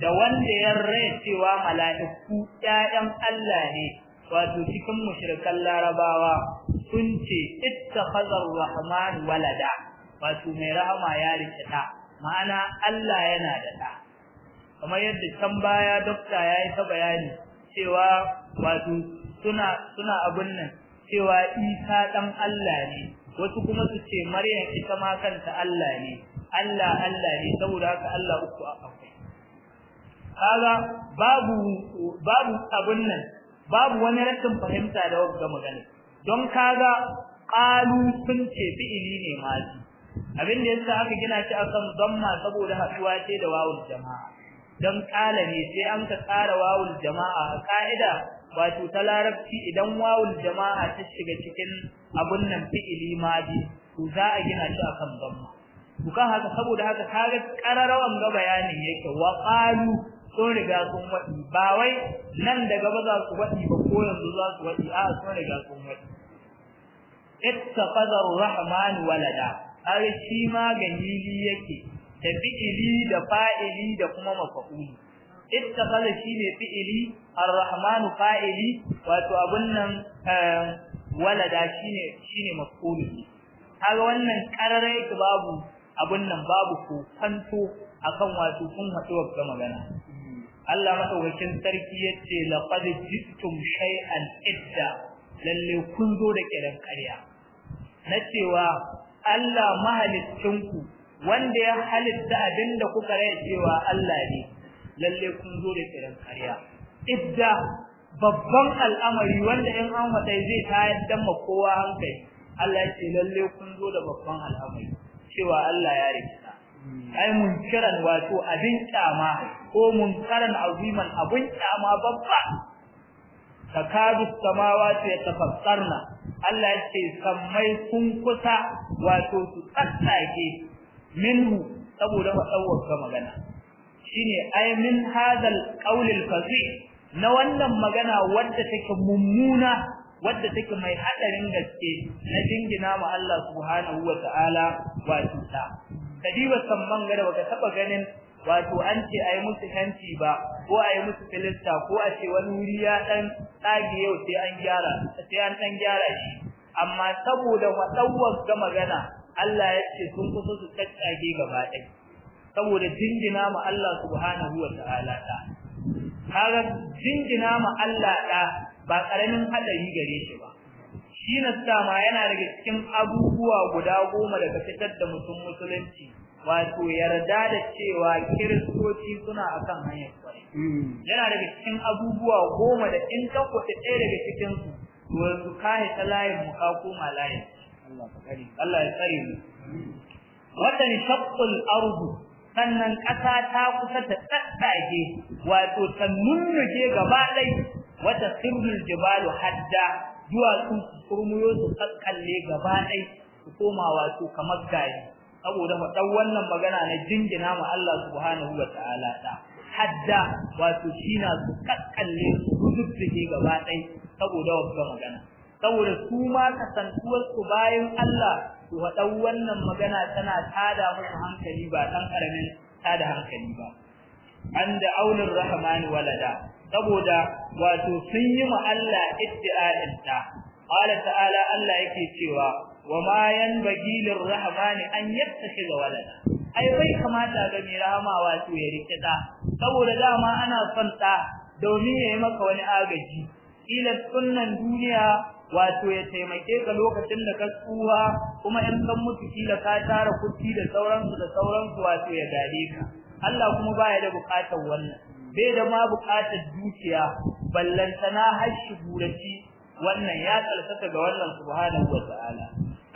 da wanda ya rai cewa mala'iku ƴaƴan Allah ne wato cikin mushrikan larabawa sun ce ittakhazar rahman walada wato mai rahama ya rike ta ma'ana Allah yana da ta kamar yadda can baya dokta yayi ta bayani cewa wato suna suna abun nan cewa Isa dan Allah ne wasu kuma su ce Maryam ita ma kanta Allah ne Allah Allah ne saboda haka Allah uku a akwai kaga babu babu abun nan babu wani rashin fahimta da wanda magana don kaga qalu sun ce fi'ili ne mali abin da yasa aka gina shi akan damma saboda haduwa ce da wawul jama'a dan qala ne sai an ka tsara wawul jama'a a kaida wato ta larabci idan wawul jama'a ta shiga cikin abun nan fi'ili mali to za a gina shi akan damma kuka haka saboda haka kaga qararawan ga bayanin yake wa qalu sun riga sun waɗi ba wai nan da gaba za su waɗi ba ko yanzu za su waɗi a sun riga sun waɗi ittaqadar rahman walada har shi magani yake da fi'ili da fa'ili da kuma mafa'uli shi shine fi'ili arrahman fa'ili wato abun nan eh, walada shine shine mafa'uli kaga wannan kararai babu abun nan babu ko kanto akan wato kun haɗuwar ga magana Allah madaukakin sarki yace laqad jittum shay'an idda lalle kun zo da kiran ƙarya na cewa Allah mahaliccinku wanda ya halitta abinda kuka rai cewa Allah ne lalle kun zo da kiran ƙarya idda babban al'amari wanda in an wata zai tayar da kowa hankali Allah ya ce lalle kun zo da babban al'amari cewa Allah ya rike ai mun kiran wato abin kyama ko munkaran aziman abin kama babba takadu samawati yatafassarna Allah yake sammai sun kusa wato su tsatsake minhu saboda wadawar magana shine ai min hadal qaulil fazi na wannan magana wadda take mummuna wadda take mai hadarin gaske na dingina ma Allah subhanahu wa ta'ala wato ta kadiwa samman ga da baka taba ganin wato an ce ayi musu hanci ba ko ayi musu filista ko a ce wani wuri ya dan tsage yau sai an gyara sai an dan gyara shi amma saboda wadawar ga magana Allah ya ce sun kusa su tsage gaba ɗaya saboda jingina ma Allah subhanahu wa ta'ala ta kaga jingina ma Allah da ba karamin hadari gare shi ba tilasta ma yana daga cikin abubuwa guda goma daga fitar da mutum musulunci wato yarda da cewa kiristoci suna akan hanyar kwari hmm. yana daga cikin abubuwa goma da in ka kuɗi ɗaya daga cikin su to yanzu ka ta layin mu ka koma layin Allah ya tsare mu wata ni shaqqul ardu sannan ƙasa ta kusa ta tsaddage wato ta nunnuke gaba ɗaya wata sirrul jibalu hadda duwatsu kurmuyo su kakkalle gaba dai su koma wato kamar gari saboda dan wannan magana na jingina ma Allah subhanahu wa ta'ala da hadda wato shina su kakkalle su rubutsuke gaba dai saboda wannan magana saboda su ma kasantuwar su bayan Allah su faɗan wannan magana tana tada musu hankali ba dan karamin tada hankali ba an da aunin rahmani walada saboda wato sun yi ma Allah iddia'in qala ta'ala Allah yake cewa wa ma yanbaghi lirrahmani an yattakhidha walada ai bai kamata ga mai rahama wato ya rike da saboda dama ana son ta domin yayi maka wani agaji ila sunnan duniya wato ya taimake ka lokacin da ka tsuwa kuma in kan mutu kila ka tara kuɗi da sauransu da sauransu wato ya gare ka Allah kuma baya da bukatar wannan bai da ma bukatar dukiya ballantana har shi buraci wannan ya tsalsata ga wannan subhanahu wata'ala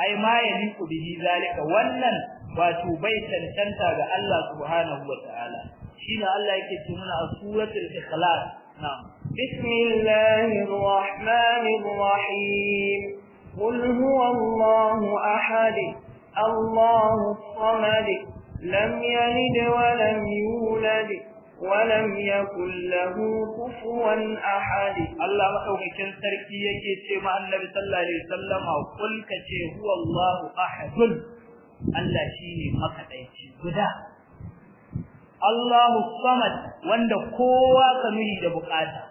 ai ma yaliku bihi zalika wannan wato bai tantanta ga Allah subhanahu wata'ala shine Allah yake ce a suratul ikhlas na'am bismillahir rahmanir rahim qul huwallahu ahad Allahu samad lam yalid wa lam yulad ولم يكن له كفوا احد الله madaukakin sarki yake ce ma annabi sallallahu alaihi wasallam kul kace huwa Allah ahad Allah shine makadaici guda Allahu samad wanda kowa ka miri da bukata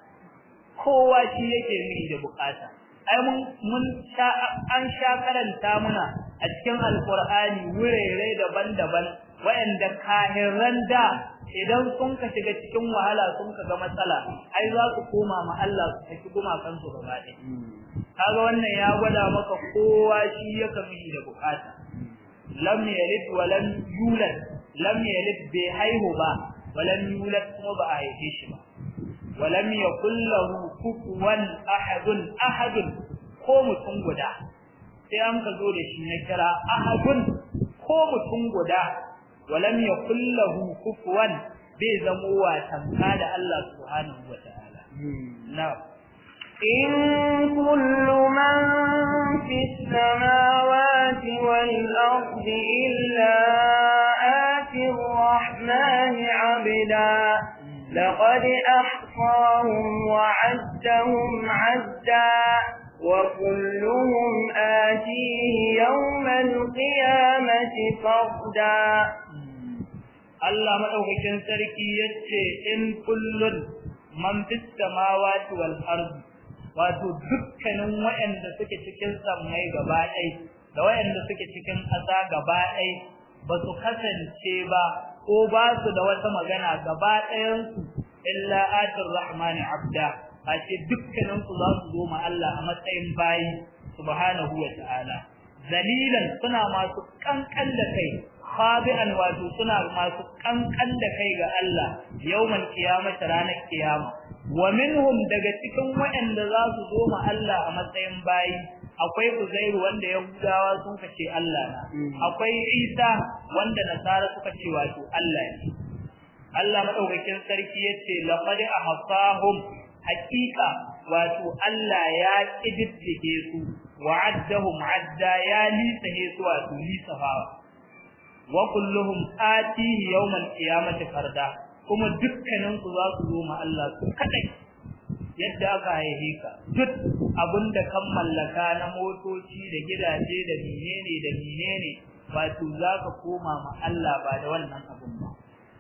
kowa shi yake miri da bukata ai mun mun sha an sha karanta muna a cikin alqur'ani wurere daban-daban wayanda kahiran da idan sun ka shiga cikin wahala sun ka ga matsala ai za ku koma ma Allah su kuma gumakan su gaba ɗaya kaga wannan ya gwada maka kowa shi ya kamili da bukata lam yalid wa lam yulad lam yalid bai haihu ba wa lam yulad kuma ba a haife shi ba wa lam yakul lahu kufuwan ahadun ahadun ko mutum guda sai an ka zo da shi na kira ahadun ko mutum guda ولم يقل لهم كفوا بزموا تمكال الله سبحانه وتعالى نعم إن كل من في السماوات والأرض إلا آتي الرحمن عبدا لقد أحصاهم وعدهم عدا وكلهم آتيه يوم القيامة فردا Allah madaukakin sarki yace in kullun man fis samawati wal ardi wato dukkanin wayanda suke cikin sammai gaba da wayanda suke cikin ƙasa gaba ɗai ba su kasance ba ko ba su da wata magana gaba ɗayan su illa atir rahmani abda a ce dukkanin su za su zo ma Allah a matsayin bayi subhanahu wa ta'ala zalilan suna masu kankan da kai khabi'an wato suna masu kankan da kai ga Allah yawmal qiyamah ranar kiyama wa minhum daga cikin waɗanda za su zo ma Allah a matsayin bayi akwai Uzairu wanda Yahudawa sun kace Allah na akwai Isa wanda Nasara suka ce wato Allah ne Allah madaukakin sarki yace laqad ahsahum haqiqa wato Allah ya kididdige su wa'addahum adda ya lisahe su wato lisafawa wa kulluhum ati yawmal qiyamati farda kuma dukkanin ku za su zo ma Allah su kadai yadda aka haife ka duk abinda kan mallaka na motoci da gidaje da menene da menene su za ka koma ma Allah ba da wannan abun ba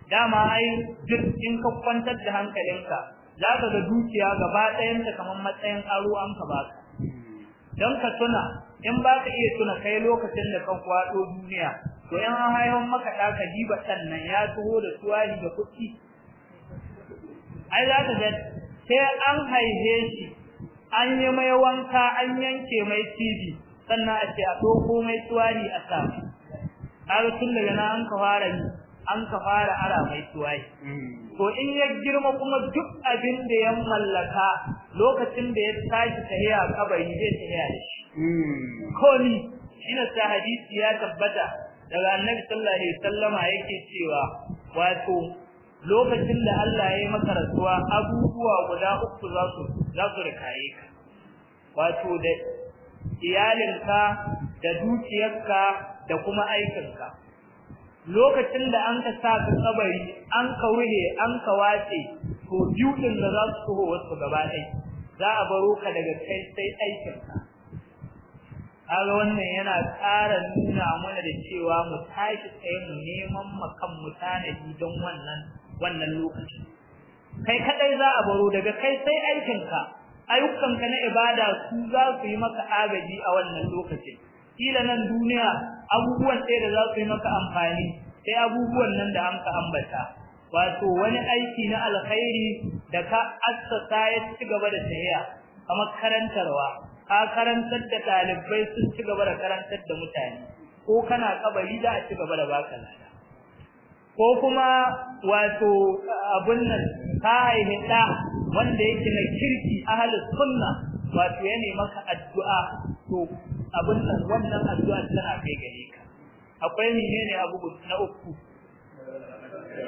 dama ai duk in ka kwantar da hankalinka za ka ga dukiya gaba ta kamar matsayin aro an ka ba ka don ka tuna in ba ka iya tuna kai lokacin da ka kwado duniya to in an haihon maka ɗa ka diba sannan ya taho da tuwali da kuɗi ai za ka ga sai an haihe shi an yi mai wanka an yanke mai cibi sannan a ce a ɗauko mai tuwali a sa har tun daga na an ka fara ni an ka fara ara mai tuwali to in ya girma kuma duk abin da ya mallaka lokacin da ya tashi tahiya kabari zai tahiya da shi hmm. ko ni ina sa hadisi ya tabbata daga annabi sallallahu alaihi wasallama yake cewa wato lokacin da Allah ya yi maka rasuwa abubuwa guda uku za su za su rikaye ka wato da iyalinka da dukiyarka da kuma aikinka lokacin da an ka sa ka kabari an ka wuhe an ka wace to biyu din da za su tuho wasu gaba ɗaya za a baro ka daga kai sai ka. kaga wannan yana ƙara nuna mana da cewa mu tashi tsaye mu neman makan mu tanadi don wannan wannan lokaci kai kadai za a baro daga kai sai aikin aikinka ayyukanka na ibada su za su yi maka agaji a wannan lokacin kila nan duniya abubuwan sai da za su yi maka amfani sai abubuwan nan da an ka ambata wato wani aiki na alkhairi da ka assasa ya ci gaba da tsaya kamar karantarwa ka karantar da talibai sun ci gaba da karantar da mutane ko kana kabari za a ci gaba da baka lada ko kuma wato abun nan ka haihi da wanda yake na kirki ahli sunna wato yana maka addu'a to abun nan wannan addu'a tana kai gare ka akwai menene abu na uku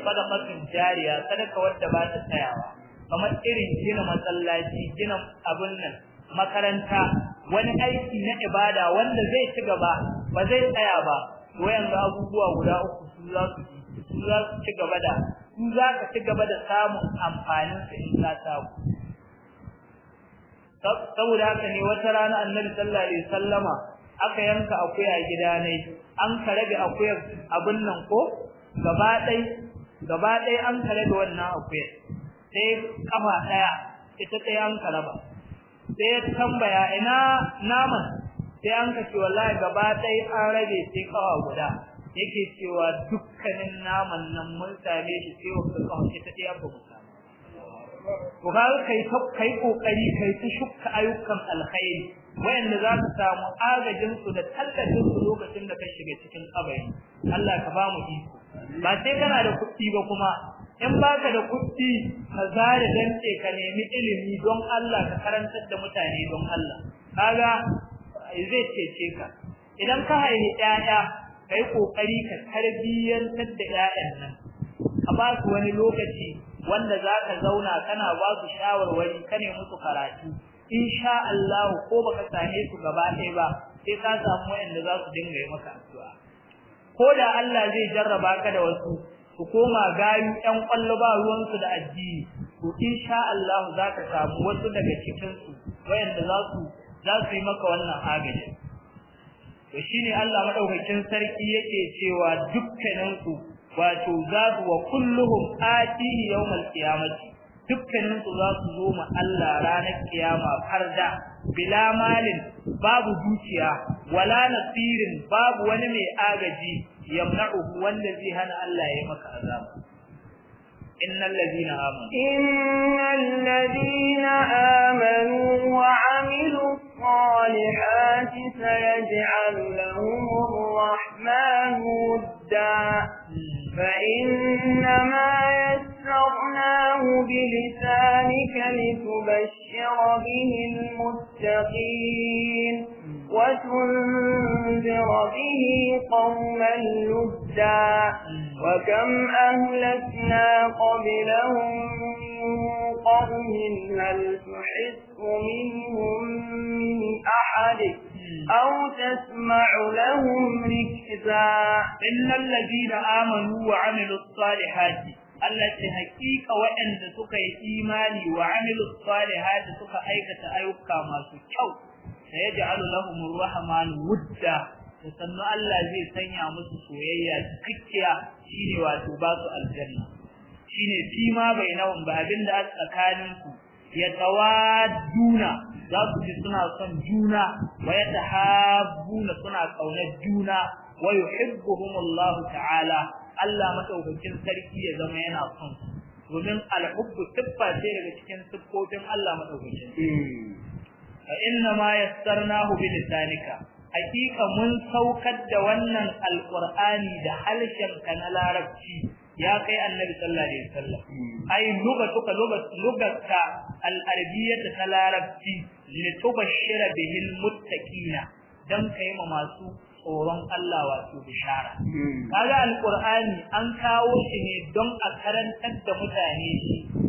sadaqatun jariya sadaka wadda ba ta tsayawa kamar irin gina masallaci gina abun nan makaranta wani aiki na ibada wanda zai ci gaba ba zai tsaya ba to yanzu abubuwa guda uku su za su za su ci gaba da su za ka ci gaba da samun amfanin su in ta ku? saboda haka ne wata rana annabi sallallahu alaihi wasallama aka yanka akuya gida ne an kare da akuyar abin nan ko gaba dai gaba dai an ka da wannan akuya sai kafa ɗaya ita ɗaya an kare ba. sai ya tambaya ina nama sai an kace wallahi gaba ɗaya an rage sai kawa guda yake cewa dukkanin naman nan mun same shi sai wata ta ɗaya ba mu Ku ga kai kai kokari kai ta shukka ayyukan alkhairi wayanda za ka samu agajin su da tallafin su lokacin da ka shiga cikin kabari Allah ka ba mu iko ba sai kana da kuɗi ba kuma in baka da kuɗi ka zare ce ka nemi ilimi don Allah ka karantar da mutane don Allah kaga zai cece ka idan ka haihi ɗaya kai kokari ka tarbiyyantar da ƴaƴan nan a ba su wani lokaci wanda zaka zauna kana ba su shawarwari ka nemi su karatu insha Allah ko baka same su gaba ɗaya ba sai ka samu wanda za su dinga yi maka addu'a ko da Allah zai jarraba ka da wasu Ku koma gari ɗan kwallo ba ruwan da addini to insha Allah za ka samu wasu daga cikin su wayanda za su za su yi maka wannan agaji to shine Allah madaukakin sarki yake cewa dukkanin wato za su wa kulluhum atihi yawmal qiyamati dukkanin su za su zo ma Allah ranar kiyama farda bila malin babu dukiya wala nasirin babu wani mai agaji yamna'uhu wanda zai hana Allah ya maka azaba إن الذين آمنوا إن الذين آمنوا وعملوا الصالحات سيجعل لهم الرحمن ودا فإنما يسر فسرناه بلسانك لتبشر به المتقين وتنذر به قوما لدا وكم أهلكنا قبلهم من قرن هل تحس منهم من أحد أو تسمع لهم ركزا إلا الذين آمنوا وعملوا الصالحات Allah ce hakika waɗanda suka yi imani wa amilus salihati suka aikata ayyuka masu kyau sayaj'alu lahum ar-rahman wudda da sannu Allah zai sanya musu soyayya cikakkiya shine wato ba su aljanna shine fima bainahum ba abinda a tsakanin su ya tawadduna za su ji suna son juna wa yatahabbuna suna kaunar juna wa yuhibbuhum Allah ta'ala Allah madaukakin sarki ya zama yana son domin alhubbu siffa daga cikin siffofin Allah madaukakin fa inna ma yassarnahu bi lisanika hakika mun saukar da wannan alqur'ani da halshen ka na larabci ya kai annabi sallallahu alaihi wasallam ai lugatuka lugatka al-arabiyyata ta larabci li da bihi muttaqina dan kai ma masu tsoron Allah wato bishara hmm. kaga alqur'ani an kawo shi ne don a karantar da mutane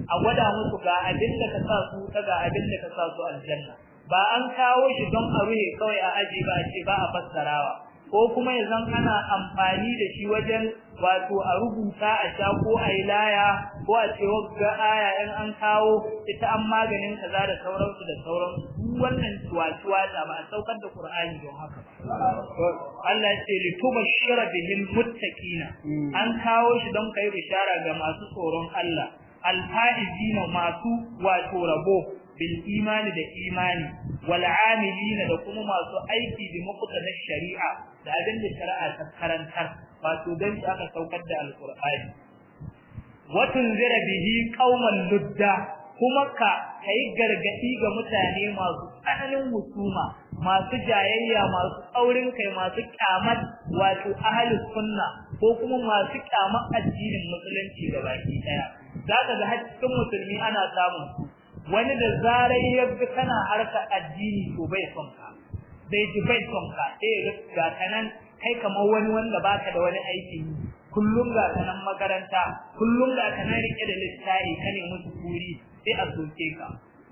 a gwada musu ga abin da ka sa su ga abin da ka sa su aljanna ba an kawo shi don a ruhe kawai a aji ba ce ba a fassarawa ko kuma yanzu ana amfani da shi wajen wato a rubuta a sha ko a yi laya ko a ce ga aya in an kawo ita an maganin kaza da sauransu da sauransu wannan tuwatuwa da ba a saukar da Qur'ani don haka Allah ya ce li tubashshira bihim muttaqina hmm. an kawo shi don kai bishara ga masu tsoron Allah alfaizina masu wato rabo bil imani da imani wal amilina da kuma masu aiki bi na shari'a da abin da shari'a ta karantar wato dan aka saukar da alqur'ani wa tunzira bihi qauman ludda kuma ka kai gargadi ga mutane masu tsananin husuma masu jayayya masu tsaurin kai masu kyamar wato ahlus sunna ko kuma masu kyamar addinin musulunci gabaki daya zaka ga har cikin musulmi ana samun wani da zarar ya bi kana harka addini to bai son ka bai ji bai son ka eh ga kanan kai kamar wani wanda baka da wani aiki kullum ga kanan makaranta kullum ga kanan rike da littafi kane musu kuri sai a soke ka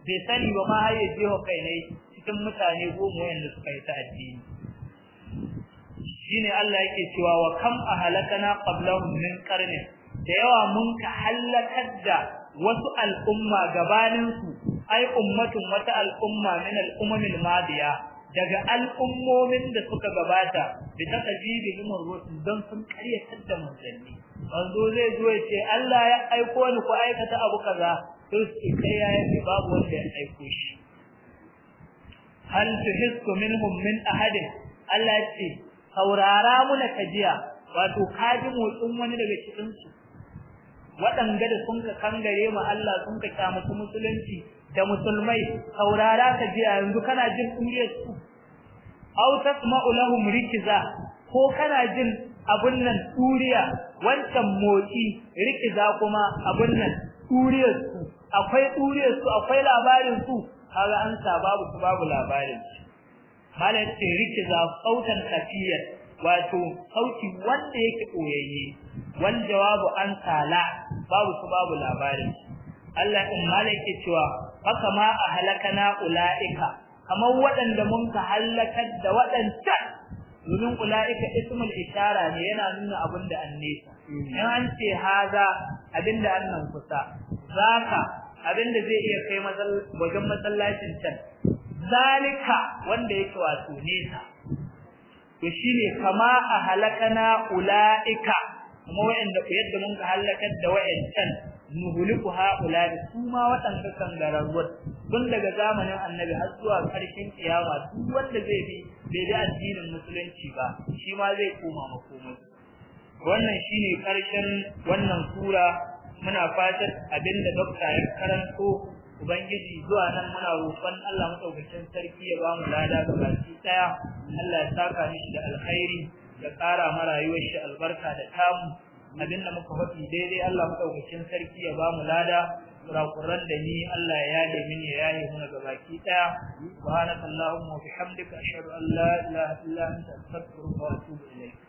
bai sani ba ma har ya je kai ne cikin mutane goma wanda suka yi ta addini shine Allah yake cewa wa kam ahlakana qablahum min qarnin da yawa mun ka halakar da wasu al'umma gabanin su ai ummatun wata al'umma min al'ummin madiya daga al'ummomin da suka gabata bi taqdibi limur rusul dan sun karyatar da manzanni manzo zai zo ya ce Allah ya aiko ni ku aikata abu kaza to sai ya yi babu wanda ya aiko shi hal tuhisku minhum min ahadin Allah ce saurara muna kajiya wato kaji motsin wani daga cikin su wadanda da sun ka kangare mu Allah sun ka kyamatu musulunci da musulmai saurara ka ji yanzu kana jin kuriyar su aw tasma'u lahum rikiza ko kana jin abun nan turiya wancan moti rikiza kuma abun nan turiyar su akwai turiyar su akwai labarin su kaga an sa babu su babu labarin malai ce rikiza sautan kafiyar wato sautin, wanda yake koyayye wal jawabu an sala babu su babu labari. Allah in malaka cewa haka ma a na ulaika kamar waɗanda mun ka halakar da waɗancan domin ulaika ismul ishara ne yana nuna abinda da an mm. in an ce haza abinda annan kusa zaka abinda zai iya kai wajen masallacin can zalika wanda yake wato nesa to shine kama a halakana ulaika kuma wanda ku yadda mun ka halakar da wa'ancan nuhuliku ha ulaika kuma waɗanda kan gararuwar tun daga zamanin annabi har zuwa ƙarshen kiyama duk wanda zai bi bai bi addinin musulunci ba shi ma zai koma makomai wannan shine ƙarshen wannan sura muna fatan abinda dokta ya karanto ubangiji zuwa nan muna roƙon Allah madaukakin sarki ya ba mu lada gabaki daya Allah ya saka mishi da alkhairi ya ƙara marayuwar shi albarka da tamu abinda muka faɗi daidai Allah madaukakin sarki ya ba mu lada kurakuran da ni Allah ya yaye mini ya yaye muna gabaki daya subhanakallahumma wa bihamdika ashhadu an la ilaha illa anta astaghfiruka wa atubu ilayk